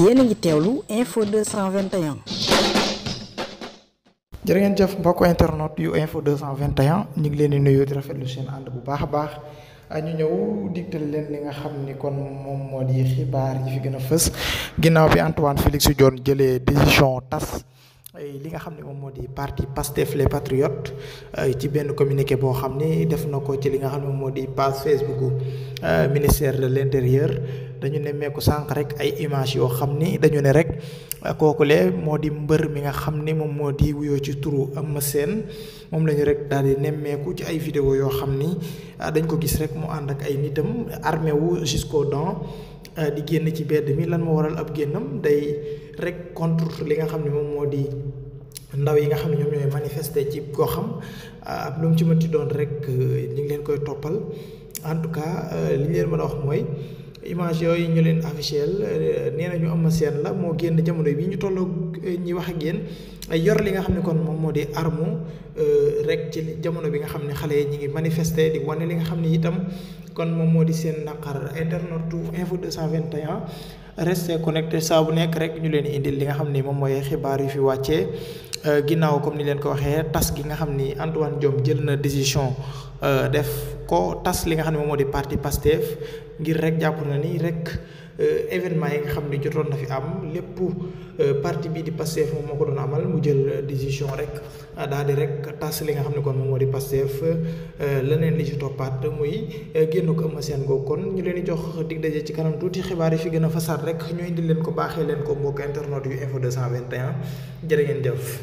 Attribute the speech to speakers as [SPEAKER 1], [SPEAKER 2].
[SPEAKER 1] ngi yéen a ngi teewlu info 221. jërë ngeen jëf mbokk internet yu info 221 ñu ngi leen di nuyu di rafetlu seen ànd bu baax a baax ñu ñëw digtal leen li nga xam ni kon moom moo di xibaar yi fi gën a fës ginnaaw bi Antoine Félix Diome jëlee décision tas. li nga xam ne moom moo di parti Pastef les patriotes ci benn communiqué boo xam ni def na ko ci li nga xam ne moom moo di page Facebook euh, ministère de l'intérieur dañu ne meeku sànq rek ay image yoo xam ni dañu ne rek euh, kooku le moo di mbër mi nga xam ni moom moo di wuyoo ci am ma seen moom lañu rek daal di nemmeeku ci ay vidéo yoo xam ni euh, dañ ko gis rek mu ànd ak ay nitam armé wu jusqu'aux dents di génn ci bedd mi lan moo waral ab génnam day rek contre li nga xam ne moom moo di ndaw yi nga xam ne ñoom ñooy manifester ci koo xam ab ah, lu mu ci mënti doon rek euh, ñu ngi leen koy toppal en tout cas euh, li ñu leen mën a wax mooy. image yooyu ñu leen officiel euh, nee nañu Eumeu Sène la moo génn jamono bi ñu toll euh, ñi wax ak yéen yor li nga xam ne kon moom moo di arme euh, rek ci jamono bi nga xam ne xale yi ñu ngi manifester di li nga xam ne itam kon moom moo di seen naqar internet info 221 restez connecté saa bu nekk rek ñu leen indil li nga xam ne moom mooy xibaar yu fi wàccee. Euh, ginnaaw comme ni leen ko waxee tass gi nga xam ni Antoine Diome jël na décision euh, def ko tas li nga xam ne moom moo di parti Pastef ngir rek jàpp na ni rek euh, événement yi nga xam ne jotoon na fi am lépp parti bii di Pastef moom moo ko doon amal mu jël décision rek daal rek tas li nga xam ne kon moom moo di Pastef leneen li ci toppaat muy génn ko ëmma seen googu kon ñu leen di jox dig daje ci kanam tuuti xibaar yi fi gën a fasaat rek ñu indi leen ko baaxee leen ko mbokk internet yu info 221 jërë ngeen jëf